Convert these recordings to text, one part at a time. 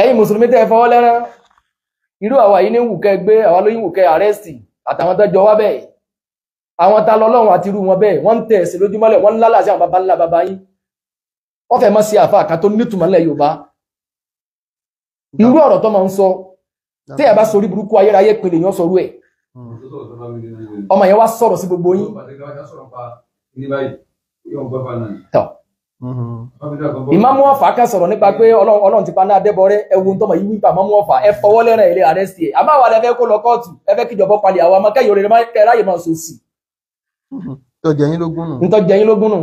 ẹ̀yin mùsùlùmí tẹ́ ẹ fọwọ́ lẹ́rán irú àwa yìí ní wùkẹ́ gbé àwa ló yín wùkẹ́ àrẹ́sì àtàwọn tó jọ wá bẹ́ẹ̀ àwọn ta lọ́lọ́run àti irú wọn bẹ́ẹ̀ wọ́n ń tẹ̀ ẹ̀sìn lójúmọ́lẹ̀ wọ́n ń lálàsí àwọn baba ńlá baba yín wọ́n fẹ́ mọ́ sí àfa àká tó nítumọ̀ nílẹ̀ Yorùbá irú ọ̀rọ̀ tó máa ń sọ tí ẹ bá sorí burúkú ayérayé pinnu èèyàn sọrú ẹ̀ ọmọ yẹn wá sọ̀rọ̀ sí gbogbo yín ìmáàmù mm-hmm. ọ̀fà kan sọ̀rọ̀ nípa pé ọlọ́run ti paná adébọ̀rẹ́ ẹ̀wù tọmọ yìí nípa ìmáàmù ọ̀fà ẹ fọwọ́ lẹ́rìn ilé ààrẹ sí ẹ̀ àmọ́ àwọn ẹ̀fẹ́ kó lọ kóòtù ẹ̀fẹ́ kíjọba palẹ̀ àwọn ọmọ kẹ́yìn orin ráyè máa sọ sí. ntọ́jẹ́ yín lógún nù.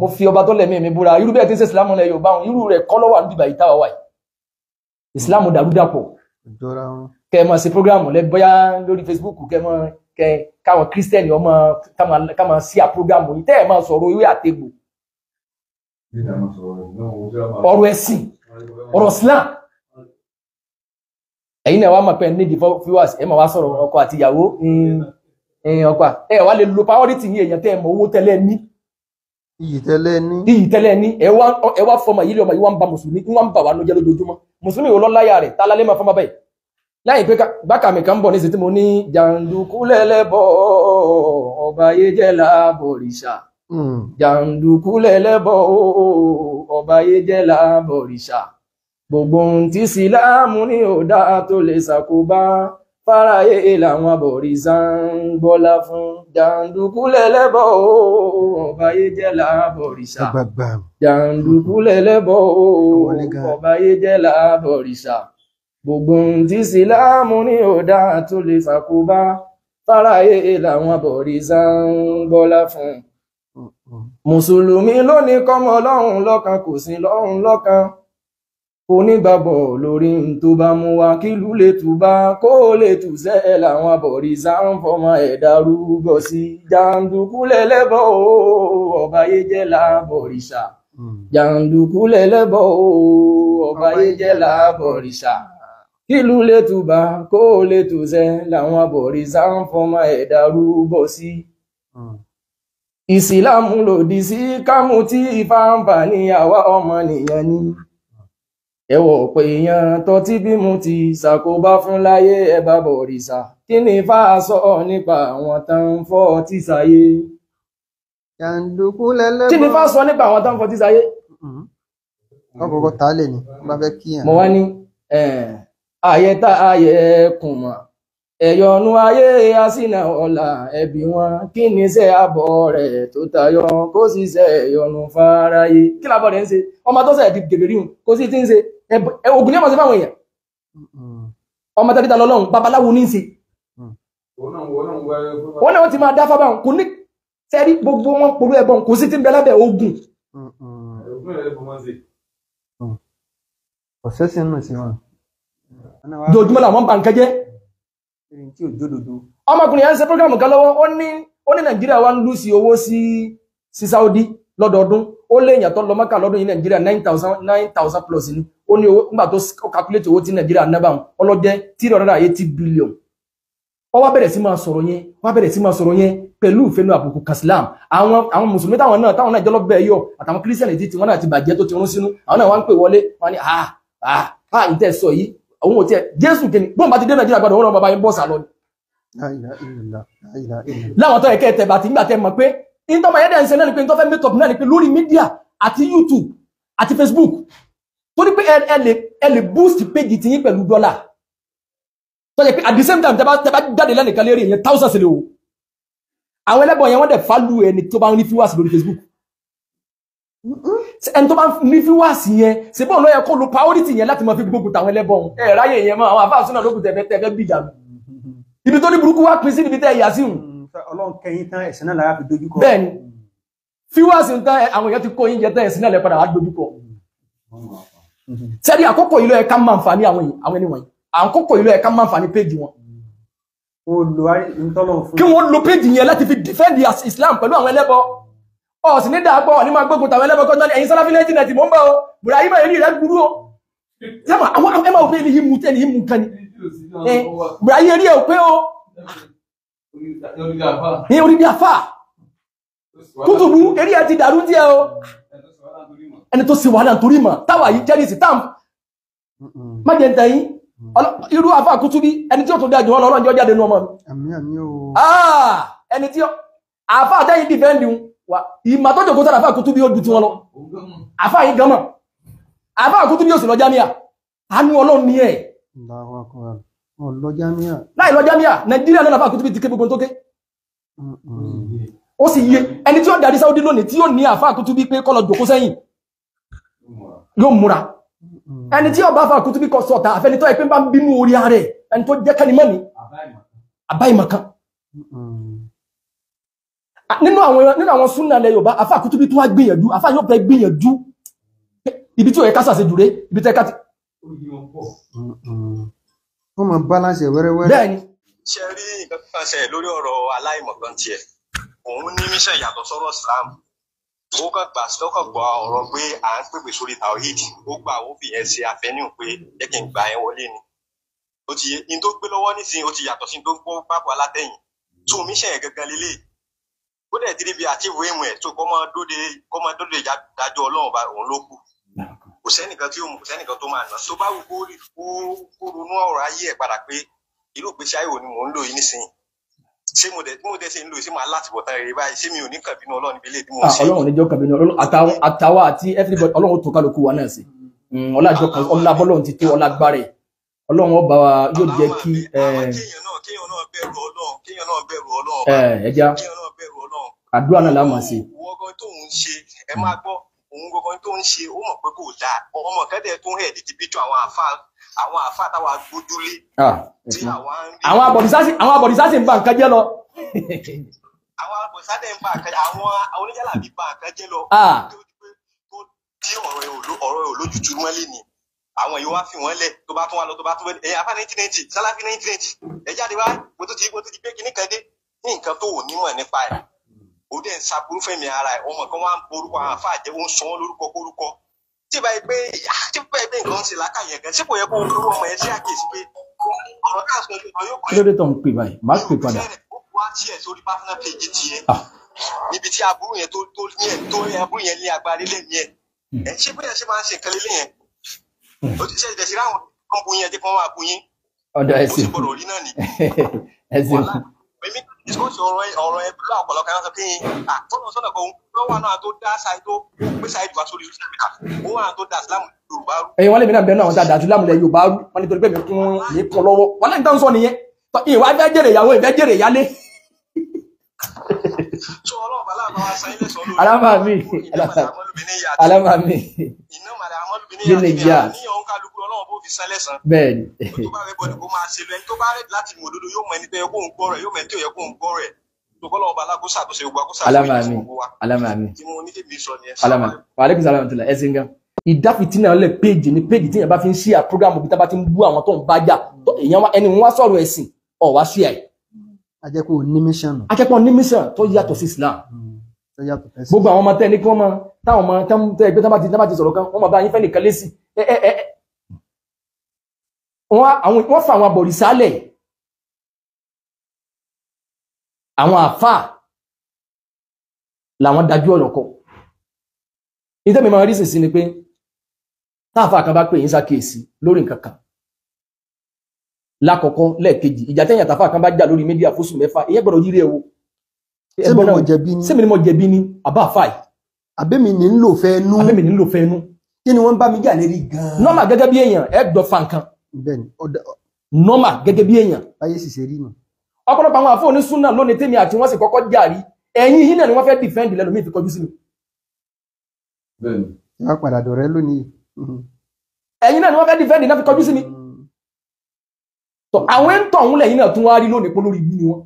mo fi ọba tó lẹ̀mí mi búra irú bẹ́ẹ̀ tí ń ṣe ìsìlámù lẹ̀ Yorùbá irú rẹ̀ kọ́ lọ́wọ́ àdúgbò ìta wà ìsìlámù dàrúdàpọ̀ kẹ́ máa ṣe prógráàmù lẹ bóyá lórí Facebook kẹ́ máa kẹ́ káwọn kírísítẹ́nì ọmọ ká máa sí àprógráàmù yìí tẹ́ ẹ̀ máa sọ̀rọ̀ ìwé àtegbò ọ̀rọ̀ ẹ̀sìn ọ̀rọ̀ Islam ẹ̀yin náà wá máa pẹ́ nídìí viewers ẹ máa wá sọ̀rọ̀ ọkọ àti ìyàwó ọpa ẹ wá lè lo priority yìí èèyàn tẹ́ ẹ mọ owó tẹ́lẹ̀ ní. iyì tẹ́lẹ̀ ní. iyì tẹ́lẹ̀ ní ẹ wá ẹ wá fọmọ yìí ọmọ yìí wá ń ba mùsùlùmí wá ń bà wá lójẹ́ lójoojúmọ́ mùsùlùmí ò lọ láyà rẹ̀ tá lálẹ́ máa fọmọ báyìí láyìn pé bákà mi kan bọ̀ ní ìsìn mo ní jàǹdùkú lẹ́lẹ́bọ̀ ọba ayé jẹ́ làbọ̀rìṣà Hmm. jàǹdùkú lẹlẹbọ ọbàyéjẹ làbọrìṣà gbogbo ohun tí síláàmù ní ọdá tó lè ṣàkóbá fáráyé làwọn abọ̀rìṣà ń gbọ́lá fún jàǹdùkú lẹlẹbọ ọbàyéjẹ làbọrìṣà jàǹdùkú lẹlẹbọ ọbàyéjẹ làbọrìṣà gbogbo ohun tí síláàmù ní ọdá tó lè ṣàkóbá fáráyé làwọn abọ̀rìṣà ń gbọ́lá fún mùsùlùmí ló ní kọ́mọ lọ́rùn lọ́kan kò sí lọ́rùn lọ́kan kò ní gbàbọ̀ lórí n tó bá mú wa kílù lè tù bá kó lè tù sẹ́ ẹ̀ làwọn abọ̀rìṣà ń fọmọ ẹ̀dá rúbọ sí jàǹdùkú lẹ́lẹ́bọ̀ ọ̀bàyé jẹ́ làbọ̀rìṣà hmm. jàǹdùkú lẹ́lẹ́bọ̀ ọ̀bàyé jẹ́ làbọ̀rìṣà kílù lè tù bá kó lè tù sẹ́ làwọn abọ̀rìṣà ń fọmọ ẹ̀dá rúbọ sí ìsìláàmù lòdì sí kámú tí ìfàǹfà ní àwa ọmọnìyàn ni ẹwọ pé èèyàn tọtí bímú ti ṣàkóbá fún láyé ẹbá bọ̀rìṣà kí ni fàásọ nípa àwọn tán ń fọ́ ọtí sáyé. jàǹdùkú lẹlẹ́gbọ́n kí ni fàásọ nípa àwọn tán ń fọ́ ọtí sáyé. ọkọ̀ kọ̀ọ̀ta lè ní bá fẹ́ kíyàn. mo wá ní ààyè tá ààyè kùn mọ́ ẹ̀yọ̀nú ayé asínà ọ̀la ẹ̀bí wọn kí ni iṣẹ́ àbọ̀ rẹ̀ tó tayọ kó sì ṣe ẹ̀yọ̀nù fáráyé kí làbọ̀ rẹ̀ ń ṣe ọmọ tó sẹ̀ di gèbè ríhùn kó sì ti ń ṣe oògùn ní ọmọ sí fáwọn èèyàn ọmọ tẹ́lẹ̀ ta lọ́lọ́run babaláwo ní í ṣe. wọn náà ti máa dá fábà kò ní sẹ́rí gbogbo wọn polú ẹ̀bọ̀n kò sì ti ń bẹ lábẹ́ oògùn. ọ̀sẹ̀ sí nù sí wọn. dojúmọ́ làwọn bá ń kẹ́jẹ́ tí ò jódodo ọmọkùnrin yẹn ń ṣe programu kan lọ́wọ́ ó ní ó ní nàìjíríà wa ń lù sí owó sí sí saudi lọ́dọọdún ó lé èèyàn tó lọ mọ́kà lọ́dún yìí nàìjíríà nine thousand nine thousand plus ni ó ní owó nígbà tó calculate owó tí nàìjíríà ná báwọn ọlọ́jẹ́ three hundred and eighty billion ó wá bẹ̀rẹ̀ sí máa sọ̀rọ̀ yẹn wá bẹ̀rẹ̀ sí máa sọ̀rọ̀ yẹn pẹ̀lú ìfẹ́nu àbùkù kasilam àwọn àwọn mùsùlùmí táwọn náà táwọn náà jọlọ bẹ́ẹ̀ yọ àtàwọn kírísítẹ̀nì tí wọn náà ti bàjẹ́ tó ti rún sínú àwọn náà wá ń pè wọlé wọn ni ah ah ah ń tẹ̀ sọ yìí òun ò tiẹ̀ jésù kìíní bóun bá ti dé nàìjíríà gbọdọ̀ òun náà bàbá yín bọ́ọ̀sà lọ ni. láwọn tó yẹ kẹ́ ẹ tẹ̀bà tí ń gbà tẹ́ mọ̀ pé nítorí ọmọ yẹ́dẹ̀ ń ṣe náà ni pé nítorí fẹ́ make up náà ni pé lórí mídíà àti youtube àti facebook tó ní pé ẹ lè boost page ti yín pẹ̀lú dọ́là tó yẹ pé at the same time tẹ́bá jáde lẹ́nìkan lérí ìyẹn thousands lè wò àwọn ẹlẹ́bọn yẹn wọ́n dẹ̀ fálù ẹni tó bá ń rí viewers lórí facebook ẹni tó bá ní fíwáàsì yẹn ṣèbọ̀ ló yẹ kó lo priority yẹn láti máa fi gbógun tàwọn ẹlẹ́bọ̀n ẹ̀ ráyè yẹn mọ́ àwọn àfáà súnà lókùn tẹ̀fẹ́ tẹ̀fẹ́ bì dànù ibi tó ní burúkú wá pín sí ibi tẹ́ ìyá sí hùn. ọlọ́run kẹyìn tán ẹ̀sìn náà lára fi dojú kọ. bẹ́ẹ̀ni fíwáàsì ń tán àwọn èèyàn ti kó oúnjẹ tán ẹ̀sìn náà lẹ́ padà wá dojú kọ. sẹ́ni àkókò yìí ló yẹ ká máa ń fa ní àwọn ẹni wọ̀nyí àkókò yìí ló yẹ ká máa ń fa ní péjì wọn kí wọ́n lo péjì yẹn láti fi defend islam pẹ̀lú àwọn ẹlẹ́bọ ọ̀sìn ní dàápọ̀ ní máa gbógun tàwọn ẹlẹ́bọ̀kọ́ tán ní ẹ̀yìn sáláfí lẹ́jì náà ti mọ́ ń bá ọ bùrà yìí báyìí rẹ̀ gúrú ó yàmà àwọn ẹmà òfin ní himu tẹ́ ní himu kan ní bùrà yìí rí ẹ̀ pé ó ní orí bí afá kútùbù eré ẹ ti dàrú díẹ̀ o ẹni tó sì wàhálà torí mà táwà yìí jẹ́rìí sí táàmù má jẹ́ ntẹ̀ yín irú afá kútùbí ẹni tí ó tó dájú ọlọ́run jọ jáde nú ọmọ mi ah, ẹni àtẹ́yìn dìfẹ́ndì ìmà tó jòkó sára fàkútú bí ó ju ti wọn lọ àfà yìí gan mọ̀ àfà àkútú bí ó sì lọ jámíà àánú ọlọ́run ní ẹ̀ láì lọ jámíà nàìjíríà lọ́nà fàkútú bí ti ké gbogbo tó ké ó sì yé ẹni tí ó darí sáúdí lónìí tí ó ní àfà àkútú bí pé kọ́lọ jòkó sẹ́yìn yóò múra ẹni tí ọba fà kútú bí kọ sọ̀tà àfẹnitọ́ ẹ̀pẹ́ Ah, nínú àwọn nínú àwọn súnà ilẹ̀ Yorùbá afá kútúbí tó wá gbìyànjú afá yóò fẹ́ gbìyànjú ibi tí ó yẹ ká sàṣe jùlé ibi tẹ́ ká ti. wọ́n máa balance wẹ́rẹ́wẹ́rẹ́. bẹ́ẹ̀ni. ṣe rí nǹkan tó ṣe lórí ọ̀rọ̀ aláìmọ̀kan tiẹ̀ òun ní níṣẹ́ ìyàtọ̀ sọ́rọ̀ Islam ó kàn gbà ó kàn gbọ́ ọ̀rọ̀ pé à ń pèpè sórí tawhid ó gbà ó fi yẹn ṣe àfẹ́níhùn pé jẹ́ kí n gbà yẹn wọlé ni ó ti yẹ in tó gbé lọ́wọ́ nísìnyí ó ti yàtọ̀ sí tó gbọ́ pápá látẹ̀yìn tó omi ṣẹ̀yìn gangan lélẹ́yìí ó dẹ̀ dídí bí àtìwé ìwọ̀n ẹ̀ tó kọ́ mọ́ dóde kọ́ mọ́ dóde ìdájọ́ ọlọ́run bá òun ló kù kò sẹ́nìkan tí kò sẹ́nìkan tó máa nà tó bá wù kó ronú ọ̀rọ̀ ayé ẹ̀ padà pé irú ìgbésí ayé òní mò ń lò yìí nísìnyí ṣé mo dẹ̀ mo dẹ̀ ṣe ń lò ṣé máa láti bọ̀ tán rere báyìí ṣé mi ò ní kàn bínú ọlọ́run ibi ilé bí mo ṣe. ọlọ́run níjọ́ kàn bínú àtàwọn àti everybody ọlọ́run tó kálukú wa náà sí ọlájọ kan ọlá bọ́lọ́run ti tó ọlá gbára ẹ̀ ọlọ́run ọba wa yóò jẹ́ kí. kéèyàn náà kéèyàn náà bẹ̀rù ọlọ́run kéèyàn náà bẹ̀rù ọlọ́run àdúrà náà láwọn ṣe. òun ọgọ tó ń ṣe ẹ máa gbọ́ òun gangan tó ń ṣe ó mọ̀ pé kò dáa ọmọ kẹ́tẹ̀ tó ń hẹ̀ dídí píjọ àwọn àfa àwọn àfa táwa gbójúlé. Ah, àwọn abọ̀dísásì àwọn abọ̀dísásì ń bà nǹkan jẹ́ lọ. àwọn abọ̀dísásì ń bà nǹkan jẹ́ àwọn oníjàlábí bà nǹkan jẹ́ lọ. Ah. tó di ọ̀rọ̀ ẹ̀ olójútu mọ́lẹ̀ ni àwọn yìí wá fi wọ́n lẹ̀ tó bá tún wá lọ tó bá tún wá afá nineteen ninety sáláfí nineteen ninety ẹ̀ jáde wá mo tó ti gbé kinní kan dé ní nǹkan tó ò ní nípa ẹ̀ ó dẹ̀ ń ṣàbúrú fẹ̀mí ara ẹ̀ ọmọ kan wá ń borúkọ àwọn àfa àjẹ́ ó ń sọ wọ́n lórúkọ kórúkọ tí báyìí pé ah, tí báyìí pé nǹkan ń ṣe lákàyè gan ṣé kò yẹ kó olówó ọmọ yẹn ṣe àkíyèsí pé ọ̀rọ̀ náà sọ pé ọ̀yọ́ kan. lórí tó ń pè báyìí má pè padà. ó wá tiẹ̀ sórí personal page tiẹ̀ ah. níbi tí aburú yẹn tó tó ní ẹ̀ tó aburú yẹn ní agbára lé ní ẹ̀ hmm. ẹ̀ ṣé bóyá ṣe máa ń lé yẹn hmm. ó ti ṣe ìdẹ̀sí ráwọn kan bu yẹn dé kan máa bu yín. èmi discourse ọ̀rọ̀ ọ̀rọ̀ ẹ pẹ̀lú ọ̀pọ̀lọpọ̀ kan sọ pé àtọ́nà sọ́nà kan lọ́wọ́ àná àtó dá ṣáì tó gbé ṣáì wá sórí oṣù mẹ́ta òun àtó dá sílámù yorùbá rú. ẹyin wọn lè mìíràn bẹnu àwọn tá a dàtú lámùlẹ yorùbá rú wọn nítorí pé mi kún mi kún lọ́wọ́ wọn lẹ́yìn tó ń sọ nìyẹn ìwà fẹ́ jèrè ìyàwó ìfẹ́ jèrè ìyálé alama mi alama mi nílẹ̀ jà bẹ́ẹ̀ni. tó bá rẹ bọ́ọ̀lù kó máa ṣe lọ ẹni tó bá rẹ láti mọ̀ òdodo yóò mọ ẹni tó yẹ kó ń gbọ́ rẹ̀ yóò mọ ẹni tó yẹ kó ń gbọ́ rẹ̀ tokọlọ ọba alákóso àtúnṣe gbogbo àkóso àtúnṣe gbogbo wa alama mi tí mo ní tèmi sọ ni ẹ sọ alama wa aleykum salaam tula ẹ ṣe ń gan ìdáfitì náà péjì ní péjì tí èèyàn bá fi ń ṣí à programu bí tá bá ti ń bú àwọn tó ń bá jà èèyàn ẹni wọn wá sọ̀rọ̀ ẹ̀sìn ọ wá ṣí àyè ajẹ́pọ̀ ní mission. ajẹ́pọ̀ ní mission tó yàtọ̀ sí Islam. Mm. gbogbo àwọn ọmọ tẹ́ ní kí wọ́n máa táwọn ọmọ tẹ́ ẹgbẹ́ tán bá ti sọ̀rọ̀ kan wọ́n máa bá yín fẹ́ nìkan lé sí fa àwọn abọ̀rìsálẹ̀ àwọn àfà làwọn dájú ọ̀nà kọ ìtẹ́mi máa ni pé táàfà kan bá pè yín sákèèsí lórí nǹkan kan lákọ̀ọ́kọ́ lẹ́ẹ̀kejì ìjà tẹ́yìn àtàfà kan bá jà lórí mídíà fóṣù mẹ́fà èyẹ gbọ́dọ̀ yíre o sẹ́mi ni mo jẹ̀bi ni àbá àfáì. àbẹ́mi ni ń lò fẹ́ nú. àbẹ́mi ni ń lò fẹ́ nú. kí ni wọ́n bá mi jà lérí gan-an. nọ́mà gẹ́gẹ́ bí èèyàn ẹ̀ dọ̀ fa nǹkan. bẹ́ẹ̀ni ọ̀dà. nọ́mà gẹ́gẹ́ bí èèyàn. báyé sì ṣe rí nù. ọ̀pọ̀lọpọ̀ àwọn àfọ̀ onísúnà lónìí tèmi àti wọ́n sì kọ́kọ́ jàrí ẹ̀yìn yìí náà ni wọ́n fẹ́ dìfẹ́ǹdì lẹ́nu mi ti kọjú sí mi. bẹ́ẹ̀ni. wọ́n padà dọ̀rẹ́ lónìí. ẹ̀yìn náà ni wọ́n fẹ́ dìfẹ́ǹdì náà fi kọjú sí mi tọ àwọn ń tọ̀ òun lẹ́yìn náà tún wá rí lónìí pé lórí ibú ni wọ́n.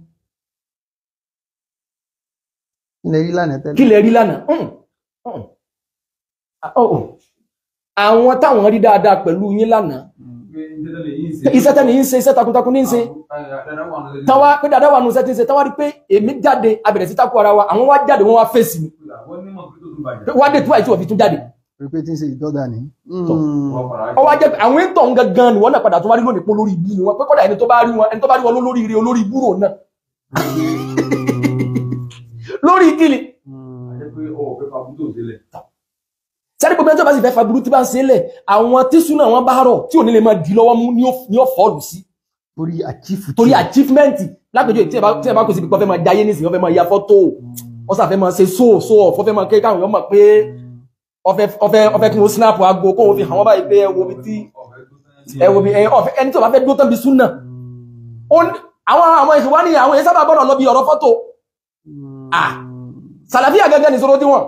kílẹ̀ rí lánàá tẹ́lẹ̀. kílẹ̀ rí lánàá hmm. Hmm. Ah, oh, oh. àwọn táwọn rí dáadáa pẹ̀lú yín lánàá iṣẹ́ tẹ́ni yín ṣe iṣẹ́ takuntakun ní ṣe tàwa pé dáadáa wà nù iṣẹ́ tí ń ṣe tàwa rí pé èmi jáde abẹ̀rẹ̀ sí takú ara wa àwọn wá jáde wọ́n wá fèsì wá dé tí wà tí wọ́n fi tún jáde. Repeating, say ń ṣe ìdọ́dà ni. ọ hmm. wá jẹ́ pé àwọn ètò ọ̀hún gangan ni wọ́n náà padà tó wá rí lónìí pé olórí ibú ni wọ́n pé kọ́dà ẹni tó bá rí wọn ẹni tó bá rí wọn lórí ire olórí ibú rò náà. Hmm. lórí ìkìlì. sẹ́ni gbogbo ẹni tó bá sì fẹ́ fa burú tí bá ń ṣe lẹ̀ àwọn tíṣù náà wọ́n bá rọ̀ tí ò ní lè máa di lọ́wọ́ mú ní ọ̀fọ́ọ̀lù sí. torí achievement lápèjọ tí ẹ bá kó síbi pé wọ́n fẹ́ máa jayé nísìnyí wọ́n fẹ́ máa ya fọ́tò hmm. wọ́n sàfẹ́ máa ṣe sóòsóò fọ́fẹ́ máa kéka àwọn èèyàn ọfẹ́ kí wọ́n snap ago kó wọ́n fi hàn wọ́n báyìí pé ẹwọ́ bí tí ẹwọ́ bí ẹyìn ọfẹ́ ẹni tí ó bá fẹ́ dó tán bí súnà àwọn àwọn ìṣòwò ní àwọn èyí sábà bọ́nà lọ bí ọ̀rọ̀ fọ́tò sàlàfíà gẹ́gẹ́ ní sọ́rọ́ tí wọ́n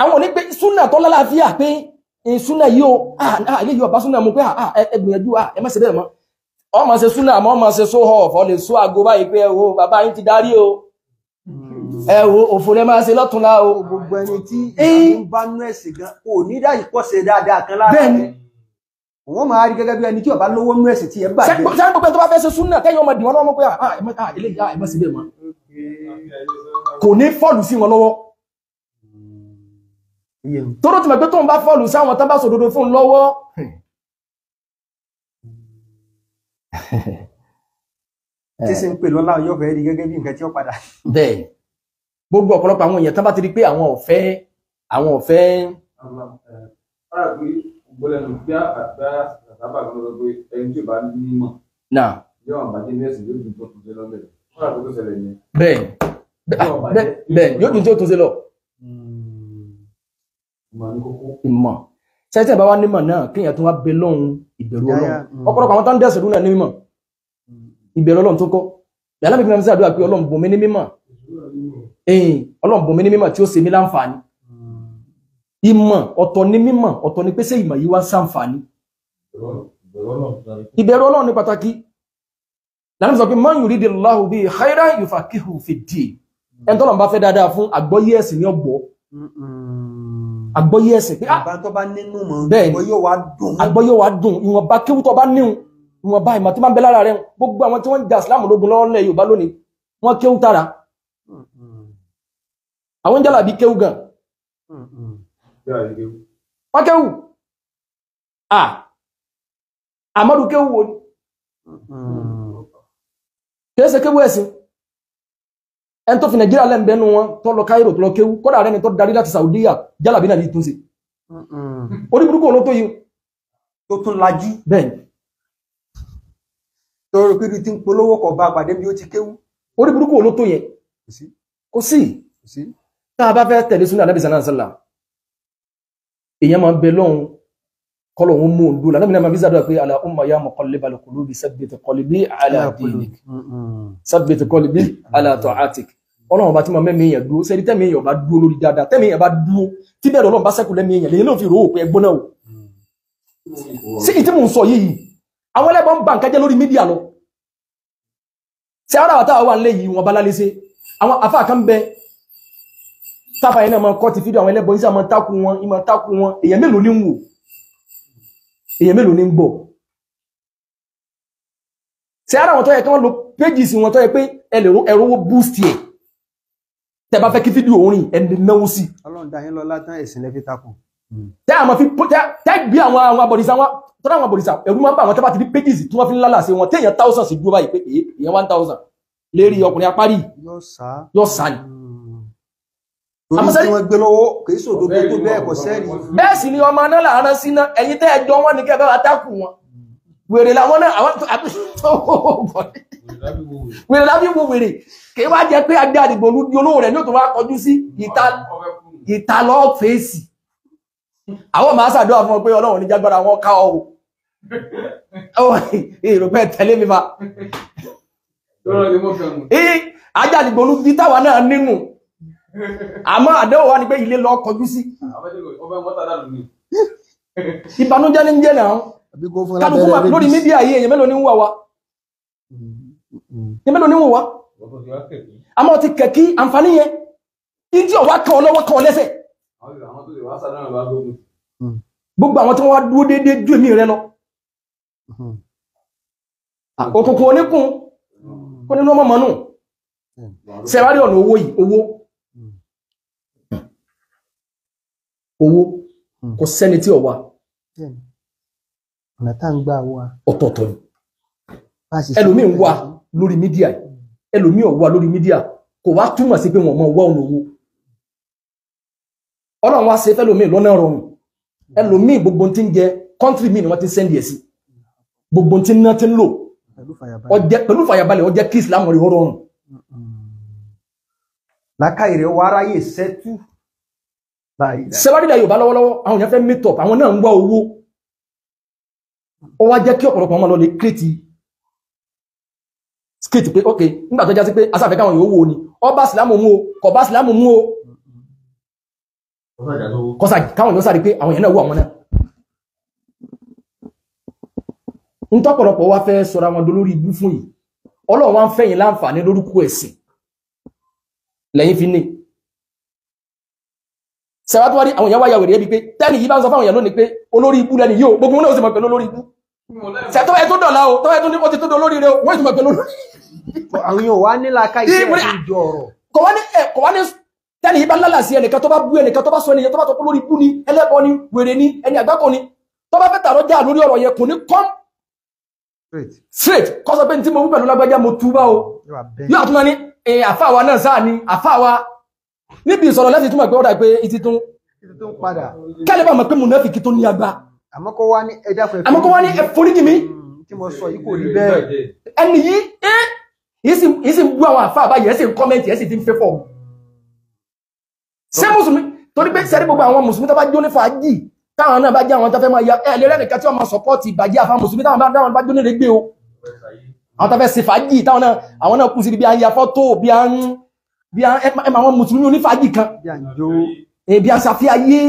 àwọn òní pé súnà tó lálàáfíà pé súnà yìí ó ilé yìí ọba súnà mú pé ẹgbìyànjú ẹ má ṣe bẹ́ẹ̀ mọ́ ọmọ ṣe súnà àmọ́ ọmọ ṣe sóhọ̀ ọ̀fọ́ ẹ wo òfò lẹ máa ṣe lọ́túnla o. gbogbo ẹni tí ìyàwó bá nú ẹ̀sìn gan kò ní dáyìí pọ̀ ṣe dáadáa kan lára rẹ̀. bẹ́ẹ̀ni wọ́n máa rí gẹ́gẹ́ bí ẹni tí ó bá lówó nú ẹ̀sìn tí ẹ bá dé. sáré gbogbo ẹni tó bá fẹ́ ṣe súnà tẹ́yìn ọmọ ìdìwọ́n lọ́wọ́ pé à ah, ah, ah, eléyìí à ẹ̀mọ́ sí bẹ́ẹ̀ mọ́. kò ní fọ́ọ̀lù sí wọn lọ́wọ́. tóró ti mọ̀ pé tóun bá fọ́ọ̀lù sí àwọn tábà sòdodo fún un lọ́wọ́. tí sì ń pè lọ́la yóò fẹ́ rí gẹ́gẹ́ bí nǹkan tí ó padà. bẹ́ẹ̀ gbogbo ọ̀pọ̀lọpọ̀ àwọn èèyàn tán bá ti rí pé àwọn ọ̀fẹ́ àwọn ọ̀fẹ́. bẹ́ẹ̀ bẹ́ẹ̀ yóò dùn hmm, tí ó tún ṣe lọ. ìmọ̀ sẹ́tẹ̀ bá wá nímọ̀ náà kéèyàn tún wá bẹ lọ́hùn ìbẹ̀rù ọlọ́run hmm. ọ̀pọ̀lọpọ̀ àwọn tó ń dẹ̀sẹ̀ lónà ní mímọ̀ hmm. ìbẹ̀rù ọlọ́run tó kọ́ yàrá mi fi máa ń sàdúrà pé ọlọ́run bùnmi ní mímọ̀ ẹ̀yìn ọlọ́run bùn mi ní mímọ̀ tí ó ṣe mí láǹfààní ìmọ̀ ọ̀tọ̀ ní mímọ̀ ọ̀tọ̀ ní pé ṣé ìmọ̀ yìí wá ń ṣàǹfààní ìbẹ̀rù ọlọ́run ní pàtàkì lànà sọ pé man yuridillahu bihi khayran yufaqihu fid-din ẹni tọ́lọ̀ bá fẹ́ dáadáa fún àgbọ́yé ẹ̀sìn ní ọgbọ́ àgbọ́yé ẹ̀sìn pé ah! àgbọ́yé wa dùn ìwọ̀nba kíwú tó bá níhun ìwọ̀nba ìmọ̀ tó bá ń bẹ lára rẹ̀ gbogbo àwọn tí wọ́n ń jà sílámù lógun lọ́wọ́ lẹ̀ Yorùbá lónìí wọ́n kéwú tara àwọn jálàbí kéwú gan wọ́n kéwú à àmọ́dù kéwú wo ni kéèsè kéwú ẹ̀sìn ẹn tó fi nàìjíríà lẹ́m̀bẹ́nu wọn tó lọ káírò tó lọ kéwú kọ́dà rẹ̀ ni tó darí láti saudiya jálàbí náà yìí tún sí orí burúkú olótó yìí tó tún lajú bẹ́ẹ̀ tọrọ pé tí ń polówó kọ̀ bá pàdé bí ó ti kéwú orí burúkú olótó yẹn kò sí tá a bá fẹ́ tẹ̀lé súnà anábì sàlá sàlá èèyàn máa ń bẹ lọ́hùn kọlọ̀ òun mú un dúró anábì náà máa fi sàdúrà pé àlà umma ya muqallibal qulubi sabbit qalbi ala dinik sabbit qalbi ala ta'atik ọlọ́run bá ti máa mẹ́mí èèyàn dúró sẹ́ni tẹ́mi èèyàn bá dúró lórí dáadáa tẹ́mi èèyàn bá dúró tí bẹ́ẹ̀ lọ́lọ́run bá sẹ́kù lẹ́mi èèyàn lèyìn náà fi ròó pé ẹgbọ́n náà sí mm. ìtí mò ń sọ yìí àwọn ẹlẹ́bọn ń ba nǹkan jẹ́ lórí mídíà lọ sí ara wàtá wà ń lé yìí wọn bá lálé sí àwọn afá kan bẹ tábà yẹn náà máa kọ́ ti fídíò àwọn ẹlẹ́bọ yíṣà máa tákù wọn ìmọ̀ tákù wọn èèyàn mélòó ní ń wò èèyàn mélòó ní ń gbọ́ ṣe ara wọn tó yẹ kí wọ́n lo pages wọn tó yẹ pé ẹ̀rọ owó boost yẹ tẹ bá fẹ́ kí fídíò orin ẹni náwó sí. ọlọ́run dá yín lọ látàn ẹ̀sìn lẹ́fí takùn. Hmm. tẹ́ àmọ́ fi tẹ́ gbé àwọn àwọn abọ̀dìsá wọn tọ́lá àwọn abọ̀dìsá ẹ̀rú máa ń bá àwọn tẹ́ bá ti rí pages tí wọ́n fi lálà sí wọn téèyàn thousand sí dúró báyìí pé èèyàn one thousand lérí ọkùnrin apárí yóò sá ni torí tí wọ́n gbé lọ́wọ́ kì í sòdodo tó bẹ́ẹ̀ kọ́ sẹ́ẹ̀lì. bẹ́ẹ̀ sì ni ọmọ náà làárọ̀ sí náà ẹ̀yin tẹ́ ẹ jọ wọn ni kẹ́ ẹ bá wa tákù wọn wèrè làwọn náà àwọn wèrè lábí wo wèrè kì í wá jẹ pé adé àdìgbò olú di olówó rẹ ní òtún wá kọjú sí ìta lọ fèsì àwọn màá ṣàdúrà fún ọ pé ọlọ́run ní jágbára wọn ká ọ o èrò pẹ́ tẹ̀lé mi fa. ajá àdìgbò olú di táwa náà nínú àmọ́ àdéhùn wa ni pé ilé lọ kọjú sí. ìbànújẹ́ ní jẹ́ náà kálukú wa lórí mídíà yìí èyàn mélòó ní wà wá mm-hmm. èyàn mélòó ní wà wá àmọ́ ti kẹ̀kí àǹfààní yẹn ìdí ọ̀wá kan ọlọ́wọ́ kan lẹ́sẹ̀ gbogbo àwọn tí wọ́n wá dúró déédéé ju èmi rẹ lọ mm-hmm. òkùnkùn oníkùn kó mm-hmm. nínú ọmọ mọ́nù sẹ̀wárí ọ̀nà owó yìí owó owó hmm. kò sẹ́ni tí ò wà. ọ̀nà tá à ń gbà wá. ọ̀tọ̀ọ̀tọ̀ ni ẹlòmíì ń wà lórí mídíà hmm. ẹlòmíì ò wà lórí mídíà kò wá túmọ̀ sí pé wọ́n mọ̀ wá òun owó ọlọ́run wá ṣe fẹ́lòmíì lọ́nà rọrùn hmm. ẹlòmíì gbogbo tí ń jẹ kọ́ńtírì míì ni wọ́n ti ń sẹ́ndì ẹ̀ sí gbogbo tí ń ná ti ń lò pẹ̀lú fàyàbalẹ̀ ọjẹ́ kí islam rí ọrọ̀rùn. lákàyèrè wa aráyè sẹ́tù sẹ́wádìí Yorùbá lọ́wọ́lọ́wọ́ àwọn èèyàn fẹ́ meet up àwọn náà ń wá owó ó wá jẹ́ kí ọ̀pọ̀lọpọ̀ ọmọ lọ lè kírètì skit pé ok nígbà tó já sí pé asáfẹ́ káwọn yóò wò ni ọba sílámù mú o kọba sílámù mú o kọsà káwọn yóò sáré pé àwọn èèyàn náà wú àwọn náà ń tọ́pọ̀lọpọ̀ wá fẹ́ sọra wọn dolórí ibú fún yìí Ọlọ́run wá ń fẹ́yìn láǹfààní lórúkọ ẹ̀sìn lẹ́yìn fi ní sẹ̀wátúwárí àwọn èèyàn wáyà wèrè ẹbí pé tẹ́nì yìí bá ń sọ fáwọn èèyàn lónìí pé olórí ibú lẹni yóò gbogbo náà ó sì mọ̀ pẹ̀lú olórí ibú sẹ̀tọ́ ẹ tó dọ̀la o tọ́wọ́ ẹ tó ní ó ti tó dolórí rẹ wọ́n ti mọ̀ pẹ̀lú olórí. àwọn èèyàn wá ní làákà iṣẹ́ ìjọ ọ̀rọ̀. kò wá ní tẹ́nì yìí bá lálà sí ẹnìkan tó bá bú ẹnìkan tó bá tó bá sọ pé olórí ni ẹlẹ́bọ ni wèrè ni ẹni ni tó bá fẹ́ tààrọ́ já lórí ọ̀rọ̀ sọ níbi ìsọ̀rọ̀ láti túmọ̀ pé ó dà pé ìtì tún padà kálẹ̀ bá mọ̀ pé mùnáfìkì tó ní agbá àmọ́ kó wá ní ẹ̀dá fún àmọ́ kó wá ní ẹ̀fọ́níjì mi mm, tí mo sọ yìí kò rí bẹ́ẹ̀ ẹni yìí yìí sì ń bú àwọn àfa àbáyé ẹ̀ sì ń kọ́mẹ́ǹtì ẹ̀ sì ti ń fẹ́ fọ̀ ṣé mùsùlùmí torí pé sẹ́rí gbogbo àwọn mùsùlùmí tó bá jó ní fàájì táwọn náà bá jẹ́ àwọn tó máa ya ẹ̀ lérẹ́ nìkan tí wọ́n máa sọ̀pọ́ọ̀tì ìbàjẹ́ àfa mùsùlùmí táwọn bá jó ní rẹ̀ gbé o àwọn tó fẹ́ fàájì táwọn náà àwọn sí bí i bí i aya fọ́tò bí i bí àwọn mùsùlùmí onífàájì kan bí a eh, ṣàfí ayé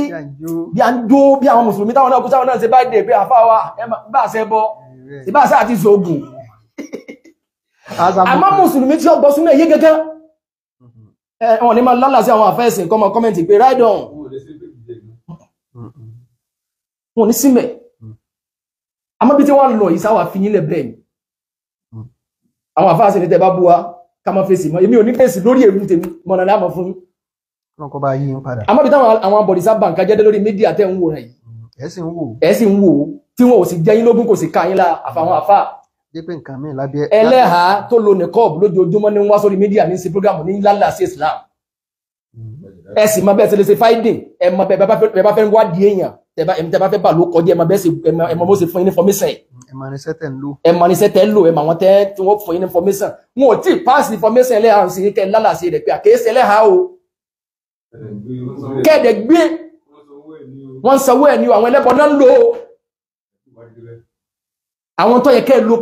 bí a ń dó bí àwọn mùsùlùmí táwọn náà kú sáwọn náà ṣe báyìí dé pé àfáwà bá ṣe bọ ìbá ṣe àti ṣoògùn àmọ́ mùsùlùmí tí ó gbọ́ súnmọ́ èyí gẹ́gẹ́ mhm. eh, wọn ni máa lálà sí àwọn àfẹ́ẹ̀sìn kọmọ kọ́mẹ̀ntì pé ride on wọn ní símẹ̀ mhm. àmọ́ bí tí wọ́n lọ ìsáwà fi yín lẹ̀ bẹ́ẹ̀ ni mhm. àwọn àfáàsìn ní tẹ́ bá bú wa ká máa fèsì mọ́ èmi ò ní fèsì lórí èrú tèmi mọ̀nà láàmọ̀ fún yín. wọn kọ́ bá yí ń padà. àmọ́ bí táwọn àwọn abọ̀dìsá bàǹkà jẹ́dẹ́ lórí mídíà tẹ̀ ń wò rẹ̀ yìí. Mm, ẹ̀ sì ń wò. ẹ̀ sì ń wò tí wọn ò sì jẹ́ yín lógún kò sì ka yín la àfàwọn àfà. jẹ́ pé nǹkan mi lábẹ́. ẹlẹ́hàá tó lo nìkọ́ọ̀bù lójoojúmọ́ ní wá sórí mídíà ní sí programu ní lálà sí Islam. Mm. ẹ sì máa bẹ́ẹ̀ ṣe lè ṣe fáìdé ẹ máa bẹ́ẹ̀ bá fẹ́ wádìí èèyàn te bá fẹ́ bà ló kọjá ẹ máa bẹ́ẹ̀ ṣe ẹ máa mọ́ ṣe fún yín ní fọmísàn yìí ẹ máa níṣẹ́ tẹ̀ ń lò. ẹ máa níṣẹ́ tẹ̀ ń lò ẹ máa wọn tẹ́ tí wọ́n fún yín ní information wọn ò tí ì pass information ẹlẹ́hàá sí kẹ́ lálàsí rẹ̀ pé àkéésí ẹlẹ́hàá o. kẹ́ẹ̀dẹ̀ gbé wọ́n sanwó ẹ̀ ní àwọn ẹlẹ́bọn náà ń lò ó. àwọn tó yẹ kẹ́ lo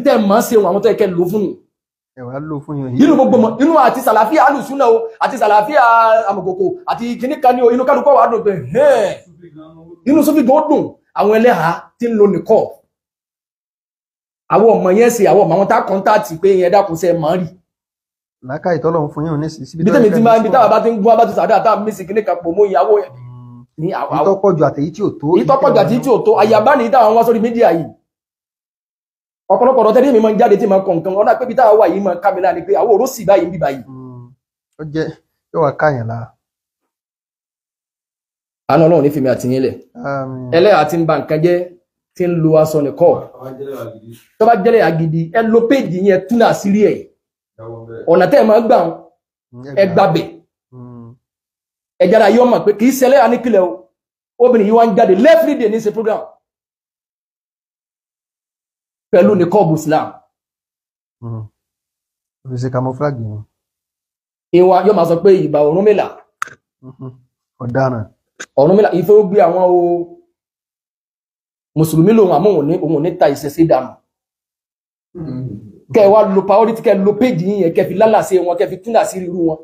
ntẹ́ mọ̀ ṣe wọn àwọn tó yẹ kẹ́ lo fún un. ẹ wàá lò fún yín. inú gbogbo mọ inú àti sàlàfíà alùsùnà o àti sàlàfíà amọ̀kòkò àti kìnnìkan ni o inú kálukọ́ wàá dùn pé inú sófin gan dùn àwọn ẹlẹ́hàá ti ń lo nìkọ́ àwọn ọmọ yẹn ṣe àwọn ọmọ àwọn tá kọ́ńtàtì pé yẹn dákun ṣe mọ́ rí. làákà ìtọ́lọ́run fún yẹn ò ní sí síbi tó yẹ ká ní sùn. bí táwa bá ti ń gún abá ti sàdá táwa mísì kíní kan pò mú ìyàwó ní ìtọ́pọ̀jù mm. àtẹ̀yí tí ò tó. ni táwọn wá sórí mídíà yìí. ọ̀pọ̀lọpọ̀ ọ̀rọ̀ tẹ́lẹ̀ mi máa ń jáde tí máa kọ̀ nǹkan ọ̀dà pé bí táwa wà yìí máa ká mi lára ni pé àwọn òró sì báyìí ń bíbá yìí. ó jẹ́ yóò wá káyàn lára àánú ọlọ́run ní fi mi àti yín lẹ̀ ẹlẹ́yà àti ń ba nǹkan jẹ́ tí ń lo aṣọ nìkọ́ tó bá jẹ́lẹ̀ àgìdì ẹ lo péjì yẹn túnlẹ̀ àsírí ẹ̀ ọ̀nà tẹ́ ẹ máa gbà ẹ gbàbẹ̀ hmm. ẹjára yóò mọ̀ pé kì í ṣẹlẹ̀ àníkìlẹ̀ o obìnrin yìí wá ń jáde every day ní ṣe program pẹ̀lú nìkọ́ bu Islam. Hmm. ó ṣe camouflage ni. ìwà yóò máa sọ pé ìgbà Ọ̀rúnmìlà. Hmm. ọ̀daràn. Ọ̀rúnmìlà ìfẹ́ ó gbé àwọn o mùsùlùmí lòun àmọ́ òun ní òun ní ta ìṣẹ̀ṣe dànù hmm. kẹ wá lo priority kẹ lo péjì yìnyẹn kẹ fi lálàsẹ wọn kẹ fi túnlàsí irú wọn